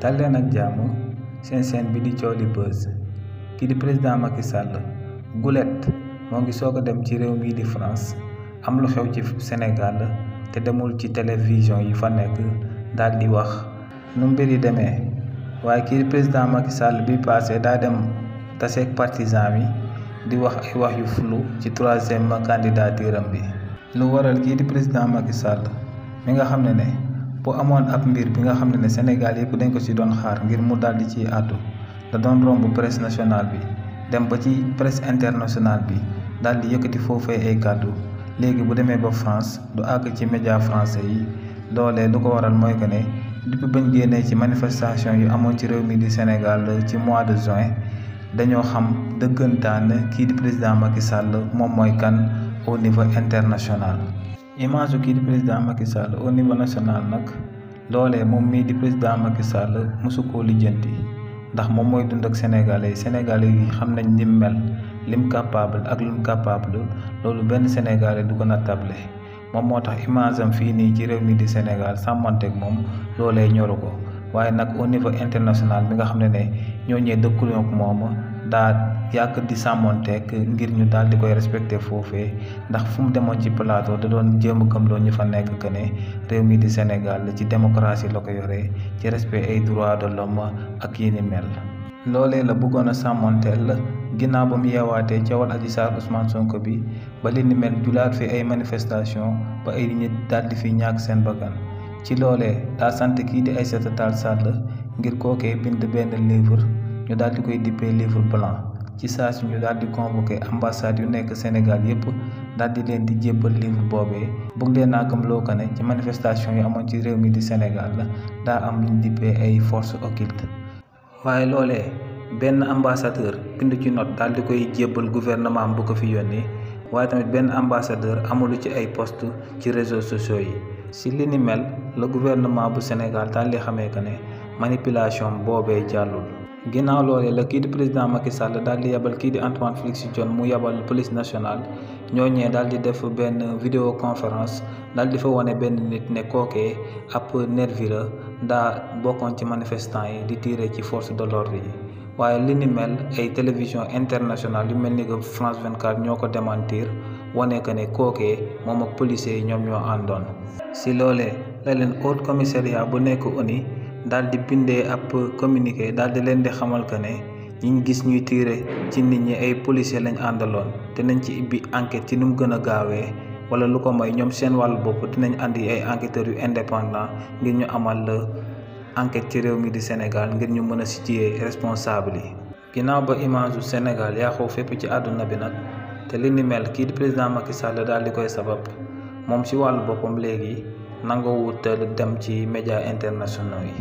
dal nag ak jàmm seen seen bi di Thiowli Buzz kii di président Macky sàll gulet moo ngi soog a dem ci réew mii di France am lu xew ci Sénégal te demul ci télévision yi fa nekk daal di wax nu mbir demee waaye kii di président Macky sàll bi passé daa dem taseeg partisan bi di wax ay wax yu flou ci troisième candidature am bi lu waral kii di président Macky Sall mi nga xam ne ne bu amoon ab mbir bi nga xam ne ne Sénégal yëpp dañ ko ci doon xaar ngir mu daldi ci àddu da doon romb presse national bi dem ba ci presse international bi daldi yëkkati foofee ay kàddu léegi bu demee ba France du àgg ci média français yi loolee lu ko waral mooy que ne depuis bañ génnee ci manifestation yu amoon ci réew mi di Sénégal ci mois de juin dañoo xam dëggantaan kii di président Macky Sall moom mooy kan au niveau international. image kii di président Macky Sall au niveau national nag loolee moom mii di président Macky Sall mosu koo lijjanti ndax moom mooy dund ak sénégalais sénégalais yi xam nañ lim mel lim capable ak lim capable loolu benn sénégalais du ko nattable moom moo tax image am fii nii ci réew mi di Sénégal sàmmanteek moom loolee ñoru ko waaye nag au niveau international bi nga xam ne ne ñoo ñee dëkkuñu ak moom. daa yàgg di tek ngir ñu daal di koy respecté foofee ndax fu mu demoon ci plateau da doon jéem a gëmloo ñu fa nekk que ne réew mi di Sénégal ci démocratie la ko yore ci respect ay droits de l'homme ak yi ni mel. loolee la bëggoon a sàmmonteel ginnaaw ba mu yeewaatee coowal Adji Sarr Ousmane Sonko bi ba li ni mel julaat fi ay manifestation ba ay nit daal di fi ñàkk seen bakkan ci loolee daa sant kii di Aïssata Tall Sall ngir kookee bind benn livre. ñu daal di koy dippee livre blanc ci saa si ñu daal di convoqué yu nekk Sénégal yépp daal di leen di jébbal livre boobee bëgg leen naa gëm loo ko ne ci manifestation yi amoon ci réew mi di Sénégal la daa am lu ñu dippee ay forces occultes waaye loolee benn ambassadeur bind ci note daal di koy jébbal gouvernement bu ko fi yónnee waaye tamit benn ambassadeur amulu ci ay post ci réseaux sociaux yi si li ni mel la gouvernement bu Sénégal daal di xamee que ne manipulation boobee jàllul. ginnaaw loolee la kii di président Macky Sall daal di yebal kii di Antoine Félix Diome mu yebal police nationale ñooñee daal di def benn vidéoconférence daal di fa wone benn nit ne kookee ab nervi la daa bokkoon ci manifestant yi di tiire ci force de l'ordre yi waaye li ni mel ay télévision internationale yu mel ni que France 24 ñoo ko démentir wane que ne kookee moom ak policiers yi ñoom ñoo àndoon. si loolee la leen haut commissariat bu nekk ONU daal di bindee ab communiqué daal di leen di xamal que ne ñiñ gis ñuy tiire ci nit ñi ay policier lañ àndaloon te nañ ci ibbi enquête ci nu mu gën a gaawee wala lu ko may ñoom seen wàllu bopp dinañ andi ay enquêteurs yu indépendant ngir ñu amal enquête ci réew mi di Sénégal ngir ñu mën a situer responsable yi. ginnaaw ba image u Sénégal yaaxoo fépp ci àdduna bi nag te li ni mel kii di président Macky Sall daal di koy sabab moom ci wàllu boppam léegi. nangoo wutal dem ci média internationaux yi